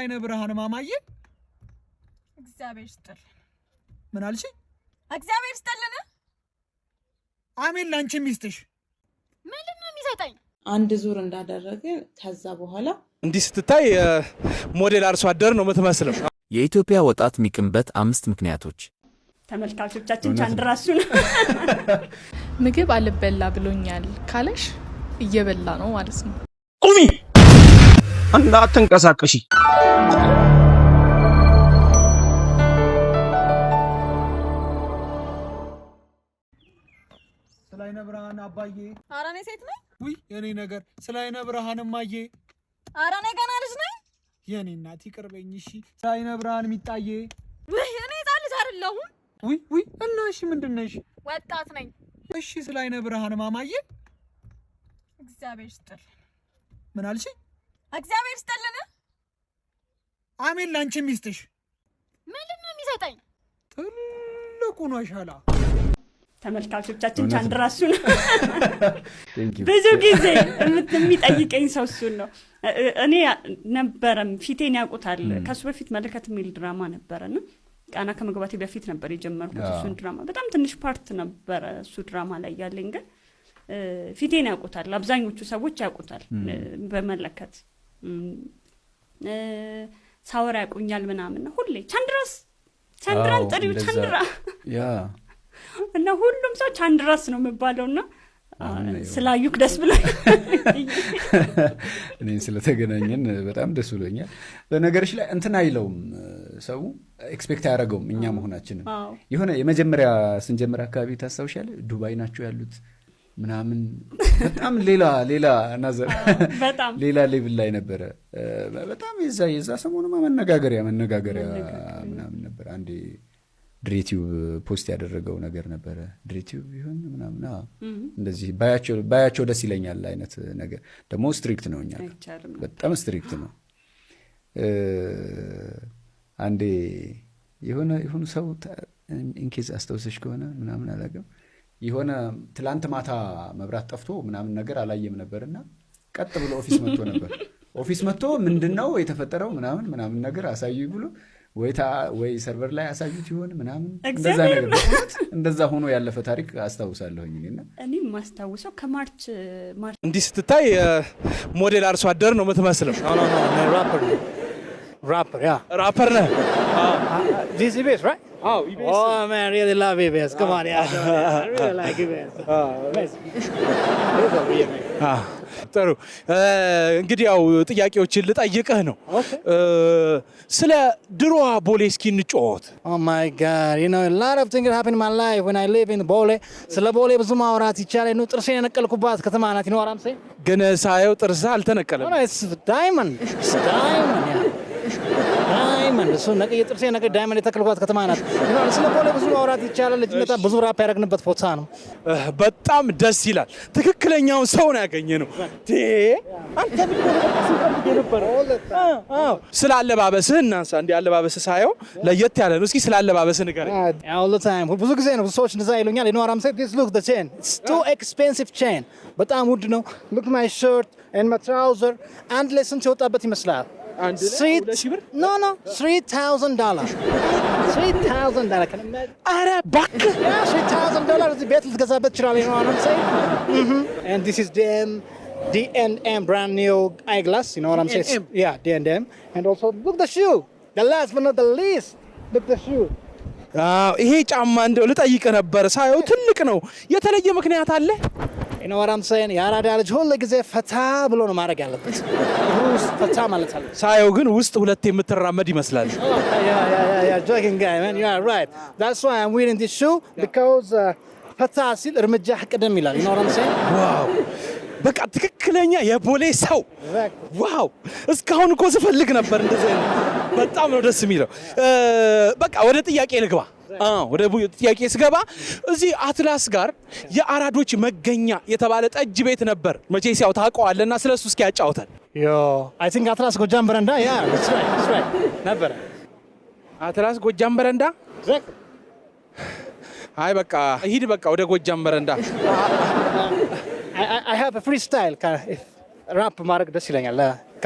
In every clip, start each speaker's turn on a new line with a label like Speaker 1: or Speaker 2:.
Speaker 1: አይነ ብርሃን ማማዬ
Speaker 2: እግዚአብሔር ይስጥልን። ምን አልሽኝ? እግዚአብሔር ይስጥልን።
Speaker 1: አሜን ላንቺ ይስጥሽ።
Speaker 2: ምንም ነው የሚሰጠኝ።
Speaker 3: አንድ ዙር እንዳደረገ ከዛ በኋላ
Speaker 4: እንዲህ ስትታይ ሞዴል አርሶ አደር ነው የምትመስለው።
Speaker 5: የኢትዮጵያ ወጣት የሚቅምበት አምስት ምክንያቶች
Speaker 6: ተመልካቾቻችን ቻንድራሱ ነው።
Speaker 7: ምግብ አልበላ ብሎኛል ካለሽ እየበላ ነው ማለት ነው።
Speaker 8: ቁሚ እንዳትንቀሳቀሺ።
Speaker 1: ስለ አይነ ብርሃን አባዬ።
Speaker 2: ኧረ እኔ ሴት ነኝ።
Speaker 1: ውይ የኔ ነገር። ስለ አይነ ብርሃን እማዬ።
Speaker 2: ኧረ እኔ ገና ልጅ ነኝ።
Speaker 1: የኔ እናት ይቅርበኝ። እሺ ስለ አይነ ብርሃን የሚጣዬ።
Speaker 2: ውይ እኔ ሕፃን ልጅ አይደለሁም።
Speaker 1: ውይ ውይ እና እሺ ምንድን ነሽ? ወጣት ነኝ። እሺ ስለ አይነ ብርሃን ማማዬ።
Speaker 2: እግዚአብሔር ይስጥል። ምን አልሽኝ? እግዚአብሔር ይስጠልን።
Speaker 1: አሜን። ላንቺ ይስጥሽ።
Speaker 2: ምንድን ነው የሚሰጠኝ?
Speaker 1: ትልቁ ነው ሻላ
Speaker 6: ተመልካቾቻችን ቻንድራ ነው። ብዙ ጊዜ የሚጠይቀኝ ሰው እሱን ነው። እኔ ነበረም ፊቴን ያውቁታል። ከሱ በፊት መለከት የሚል ድራማ ነበረና ቃና ከመግባቴ በፊት ነበር የጀመርኩት እሱን ድራማ። በጣም ትንሽ ፓርት ነበረ እሱ ድራማ ላይ ያለኝ፣ ግን ፊቴን ያውቁታል። አብዛኞቹ ሰዎች ያውቁታል በመለከት ሳወራ ያውቁኛል ምናምን ሁሌ ቻንድራስ ቻንድራን ጥሪው ቻንድራ እና ሁሉም ሰው ቻንድራስ ነው የምባለው ና ስላዩክ ደስ ብሎ
Speaker 4: እኔም ስለተገናኘን በጣም ደስ ብሎኛል። በነገሮች ላይ እንትን አይለውም ሰው ኤክስፔክት አያደረገውም እኛ መሆናችንም የሆነ የመጀመሪያ ስንጀምር አካባቢ ታስታውሻለህ? ዱባይ ናቸው ያሉት ምናምን በጣም ሌላ ሌላ ናዘር ሌላ ሌብል ላይ ነበረ። በጣም የዛ የዛ ሰሞኑማ መነጋገሪያ መነጋገሪያ ምናምን ነበረ አንዴ ድሬቲዩብ ፖስት ያደረገው ነገር ነበረ። ድሬቲዩብ ቢሆን ምናምን እንደዚህ ባያቸው ደስ ይለኛል አይነት ነገር ደግሞ ስትሪክት ነው፣ እኛ በጣም ስትሪክት ነው። አንዴ የሆነ የሆኑ ሰው ኢንኬዝ አስታውሰሽ ከሆነ ምናምን አላገም የሆነ ትላንት ማታ መብራት ጠፍቶ ምናምን ነገር አላየም ነበርና ቀጥ ብሎ ኦፊስ መጥቶ ነበር። ኦፊስ መጥቶ ምንድን ነው የተፈጠረው ምናምን ምናምን ነገር አሳዩ ብሎ ወይ ሰርቨር ላይ አሳዩት ይሆን ምናምን እንደዛ ነገር እንደዛ ሆኖ ያለፈ ታሪክ አስታውሳለሁኝ።
Speaker 6: እኔም ማስታውሰው ከማርች ማርች
Speaker 8: እንዲህ ስትታይ ሞዴል አርሶ አደር ነው የምትመስለው። ራፐር ነህ
Speaker 9: uh, uh, Oh, EBS.
Speaker 10: Oh man, I really love EBS. Come on, yeah. I really like EBS. Oh, ah,
Speaker 8: ጥሩ እንግዲህ ያው ጥያቄዎችን ልጠይቅህ ነው። ስለ ድሮዋ ቦሌ እስኪ እንጫወት።
Speaker 10: ማይ ጋድ ዩ ኖ ላት ኦፍ ቲንግስ ሃፕን ማይ ላይፍ ዌን አይ ሊቭ ኢን ቦሌ። ስለ ቦሌ ብዙ ማውራት ይቻላል። ነው ጥርሴን የነቀልኩባት ከተማ ናት። ይኖራም
Speaker 8: ግን ሳየው ጥርስ አልተነቀለም።
Speaker 10: ኢትስ ዳይመንድ ዳይመንድ ያ ዳይመንድ ነገ የጥርሴ ነገ ዳይመንድ የተክልኳት ከተማ ናት። ስለ ቦሌ ብዙ ማውራት ይቻላል። ልጅነት ብዙ ራፕ ያደረግንበት ቦታ ነው።
Speaker 8: በጣም ደስ ይላል። ትክክለኛውን ሰው ነው ያገኘ ነው። ስለ አለባበስህ እናንሳ። እንዲ አለባበስህ ሳየው ለየት ያለ ነው። እስኪ ስለ አለባበስህ ንገረኝ።
Speaker 10: ብዙ ጊዜ ነው ሰዎች እንደዛ ይሉኛል። የነዋራም ሴት ሉክ ቼን ቱ ኤክስፔንሲቭ ቼን በጣም ውድ ነው። ሉክ ማይ ሸርት ኤንድ ማይ ትራውዘር አንድ ላይ ስንት የወጣበት ይመስላል?
Speaker 8: ኧረ እባክህ
Speaker 10: ቤት ልትገዛበት ትችላለህ።
Speaker 8: ይሄ ጫማ እንደው ልጠይቅ ነበር፣ ሳየው ትልቅ ነው። የተለየ ምክንያት አለ?
Speaker 10: ኢኖዋራም ሰን የአራዳ ልጅ ሁል ጊዜ ፈታ ብሎ ነው ማድረግ ያለበት። ፈታ ማለት አለ።
Speaker 8: ሳየው ግን ውስጥ ሁለት የምትራመድ ይመስላል።
Speaker 10: ፈታ ሲል እርምጃ ቅደም ይላል። ኢኖዋራም ሳይን
Speaker 8: በቃ ትክክለኛ የቦሌ ሰው። ዋው! እስካሁን እኮ ስፈልግ ነበር እንደዚህ። በጣም ነው ደስ የሚለው። በቃ ወደ ጥያቄ ልግባ። ወደ ጥያቄ ስገባ እዚህ አትላስ ጋር የአራዶች መገኛ የተባለ ጠጅ ቤት ነበር። መቼስ ያው ታውቀዋለና ስለ እሱ እስኪ ያጫውታል።
Speaker 10: አይ ቲንክ አትላስ ጎጃም በረንዳ ያ ነበረ።
Speaker 8: አትላስ ጎጃም በረንዳ። አይ በቃ ሂድ፣ በቃ ወደ ጎጃም በረንዳ።
Speaker 10: አይ ሃቭ ራፕ ማድረግ ደስ ይለኛል።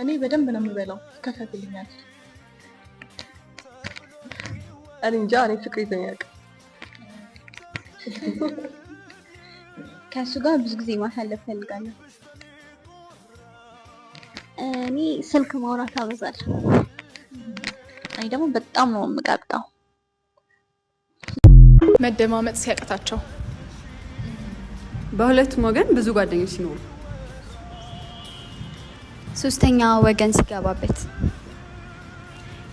Speaker 6: እኔ በደንብ ነው የምበላው፣ ይከፈትልኛል።
Speaker 10: እኔ እንጃ፣ እኔ ፍቅር ይዘኛል።
Speaker 6: ከእሱ ጋር ብዙ ጊዜ ማሳለፍ ፈልጋለሁ። እኔ ስልክ ማውራት አበዛል። እኔ ደግሞ በጣም ነው የምቀብጠው።
Speaker 7: መደማመጥ ሲያቅታቸው በሁለቱም ወገን ብዙ ጓደኞች ሲኖሩ ሶስተኛ ወገን ሲገባበት፣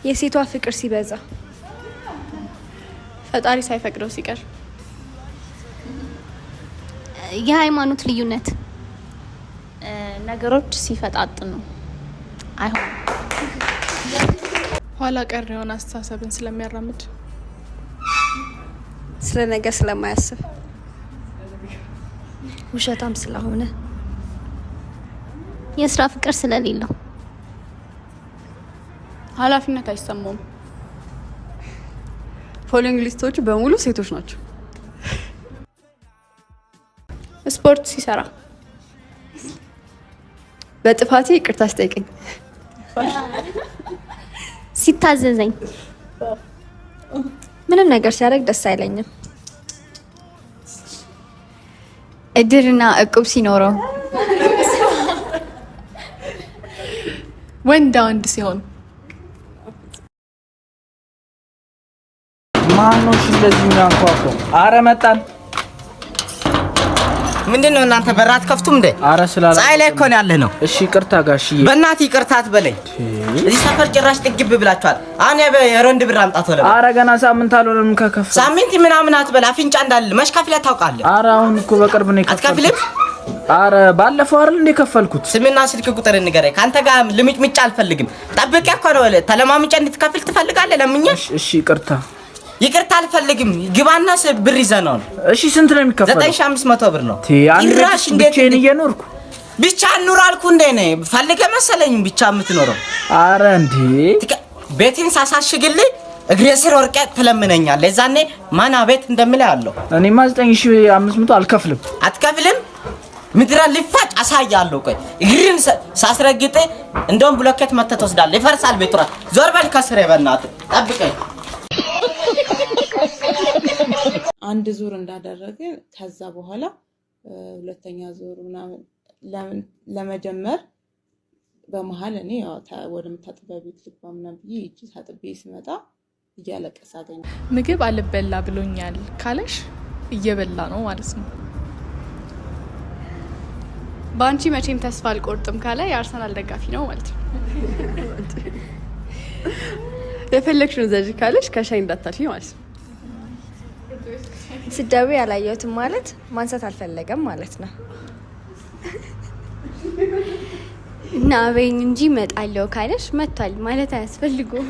Speaker 7: የሴቷ ፍቅር ሲበዛ፣ ፈጣሪ ሳይፈቅደው ሲቀር፣
Speaker 6: የሃይማኖት ልዩነት፣ ነገሮች ሲፈጣጥኑ አይሆን
Speaker 7: ኋላ ቀር የሆነ አስተሳሰብን ስለሚያራምድ
Speaker 6: ስለ ስለማያስብ ውሸታም ስለሆነ የስራ ፍቅር ስለሌለው
Speaker 7: ኃላፊነት አይሰማውም። ፎሎዊንግ ሊስቶቹ በሙሉ ሴቶች ናቸው። ስፖርት ሲሰራ በጥፋቴ ይቅርታ አስጠይቀኝ
Speaker 6: ሲታዘዘኝ፣
Speaker 7: ምንም ነገር ሲያደርግ ደስ አይለኝም።
Speaker 6: እድርና እቁብ ሲኖረው
Speaker 7: ወንድ ወንድ ሲሆን
Speaker 8: ማኖሽ እንደዚህ የሚያንኳኩ አረ መጣን።
Speaker 11: ምንድን ነው እናንተ በራት ከፍቱም እንዴ? አረ ስላለ ፀሐይ ላይ እኮ ነው ያለ ነው።
Speaker 8: እሺ ይቅርታ ጋሽዬ፣
Speaker 11: በእናትህ ይቅርታ አትበለኝ። እዚህ ሰፈር ጭራሽ ጥግብ ብላችኋል። አሁን የሮንድ ብር አምጣት ወለ
Speaker 8: አረ ገና ሳምንት አልሆነም ከከፍ
Speaker 11: ሳምንት ምናምን አትበላ። አፍንጫ እንዳለ መሽከፍለህ ታውቃለህ።
Speaker 8: አረ አሁን እኮ በቅርብ ነው አትከፍልም አረ ባለፈው አይደል እንደ ከፈልኩት።
Speaker 11: ስምና ስልክ ቁጥር ንገረኝ። ካንተ ጋር ልምጭምጭ አልፈልግም። ጠብቄ እኮ ነው ተለማምጬ እንድትከፍል ትፈልጋለህ? ለምኛ። እሺ ይቅርታ ይቅርታ አልፈልግም። ግባና ብር ይዘህ
Speaker 8: እሺ ስንት ነው የሚከፈለው?
Speaker 11: 9500 ብር ነው።
Speaker 8: ይራሽ ብቻዬን እየኖርኩ
Speaker 11: ብቻ ኑር አልኩ እንዴ ነ ፈልገ መሰለኝ ብቻ የምትኖረው። አረ እንዴ ቤቴን ሳሳሽግልህ እግሬ ስር ወርቄ ትለምነኛለህ። የዛኔ ማና ቤት እንደምልህ አለው።
Speaker 8: እኔማ 9500 አልከፍልም።
Speaker 11: አትከፍልም ምድረ ሊፋጭ አሳያለሁ። ቆይ እግርን ሳስረግጥ እንደውም ብሎኬት መተህ ትወስዳለህ። ይፈርሳል ቤቱ እራሱ። ዞር በል ከስሬ በእናትህ ጠብቀኝ።
Speaker 3: አንድ ዙር እንዳደረገ ከዛ በኋላ ሁለተኛ ዙር ምናምን ለመጀመር በመሀል እኔ ያው ወደምታጥቢያ ቤት ልግባ ምናምን ብዬ እጅ ታጥቤ ስመጣ እያለቀሰ አገኘ።
Speaker 7: ምግብ አልበላ ብሎኛል ካለሽ እየበላ ነው ማለት ነው በአንቺ መቼም ተስፋ አልቆርጥም ካለ የአርሰናል ደጋፊ ነው ማለት ነው። የፈለግሽውን ዘጅ ካለሽ ከሻይ እንዳታልፊ ማለት ነው።
Speaker 6: ስደቡ ያላየሁትም ማለት ማንሳት አልፈለገም ማለት ነው። እና አበይኝ እንጂ መጣለው ካለሽ መጥቷል ማለት አያስፈልጉም።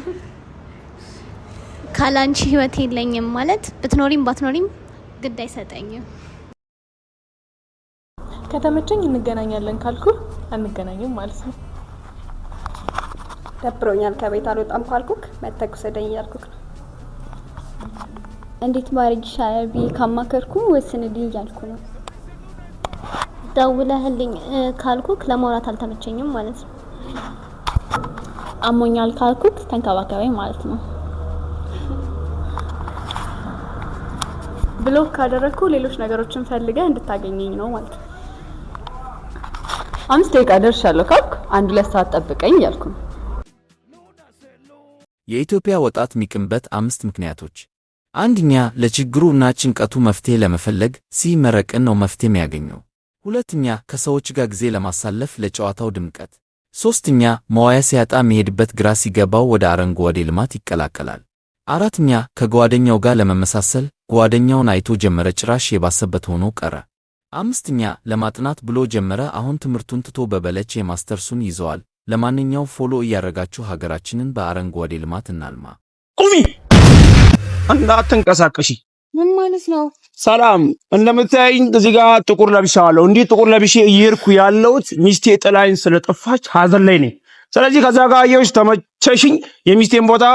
Speaker 6: ካላንቺ ህይወት የለኝም ማለት ብትኖሪም ባትኖሪም ግድ አይሰጠኝም።
Speaker 7: ከተመቸኝ እንገናኛለን ካልኩ አንገናኝም ማለት ነው። ደብሮኛል ከቤት አልወጣም ካልኩክ መተኩሰደኝ እያልኩክ ነው።
Speaker 6: እንዴት ማድረግ ይሻላል ብዬ ካማከርኩ ወስንልኝ እያልኩ ነው። ደውለህልኝ ካልኩክ ለማውራት አልተመቸኝም ማለት ነው። አሞኛል ካልኩክ ተንከባከበኝ ማለት ነው።
Speaker 7: ብሎክ ካደረግኩ ሌሎች ነገሮችን ፈልገ እንድታገኘኝ ነው ማለት ነው። አምስት ደቂቃ ደርሻለሁ ካልኩ አንድ ሁለት ሰዓት ጠብቀኝ ያልኩ ነው።
Speaker 5: የኢትዮጵያ ወጣት የሚቅምበት አምስት ምክንያቶች አንድኛ ለችግሩ እና ጭንቀቱ መፍትሄ ለመፈለግ ሲመረቅን ነው መፍትሄ የሚያገኘው። ሁለተኛ ከሰዎች ጋር ጊዜ ለማሳለፍ ለጨዋታው ድምቀት። ሦስተኛ መዋያ ሲያጣ የሚሄድበት ግራ ሲገባው ወደ አረንጓዴ ልማት ይቀላቀላል። አራተኛ ከጓደኛው ጋር ለመመሳሰል ጓደኛውን አይቶ ጀመረ፣ ጭራሽ የባሰበት ሆኖ ቀረ። አምስተኛ ለማጥናት ብሎ ጀመረ። አሁን ትምህርቱን ትቶ በበለች ማስተርሱን ይዘዋል። ለማንኛው ፎሎ እያረጋችሁ ሀገራችንን በአረንጓዴ ልማት እናልማ።
Speaker 8: ቁሚ እና ተንቀሳቀሺ
Speaker 7: ምን ማለት ነው?
Speaker 8: ሰላም እንደምታይኝ እዚህ ጋር ጥቁር ለብሻለሁ። እንዲህ ጥቁር ለብሼ እየሄድኩ ያለሁት ሚስቴ ጥላይን ስለጠፋች ሀዘን ላይ ነኝ። ስለዚህ ከዛ ጋር አየሁሽ፣ ተመቸሽኝ፣ የሚስቴን ቦታ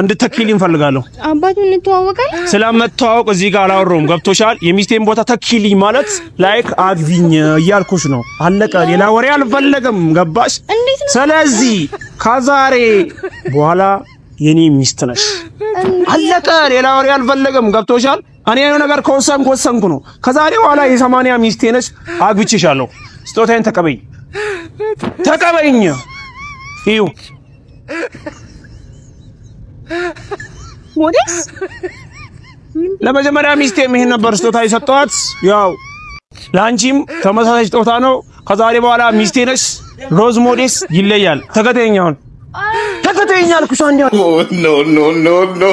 Speaker 8: እንድተኪል እንፈልጋለሁ።
Speaker 7: አባቱ እንተዋወቃል።
Speaker 8: ስለመተዋወቅ እዚህ ጋር አላወራሁም። ገብቶሻል? የሚስቴን ቦታ ተኪልኝ ማለት ላይክ አግቢኝ እያልኩሽ ነው። አለቀ። ሌላ ወሬ አልፈለግም። ገባሽ? ስለዚህ ከዛሬ በኋላ የኔ ሚስት ነሽ። አለቀ። ሌላ ወሬ አልፈለግም። ገብቶሻል? እኔ ያለው ነገር ከወሰንኩ ወሰንኩ ነው። ከዛሬ በኋላ የሰማንያ ሚስቴ ነሽ። አግብቼሻለሁ። ስጦታዬን ተቀበይኝ፣ ተቀበይኝ። ይዩ ወዴስ ለመጀመሪያ ሚስቴም ይሄን ነበር ስጦታ የሰጠኋት። ያው ለአንቺም ተመሳሳይ ስጦታ ነው። ከዛሬ በኋላ ሚስቴ ነሽ። ሮዝ ሞዴስ ይለያል። ተከተኛውን ተከተኛል ኩሽ አንዴ ኖ ኖ ኖ ኖ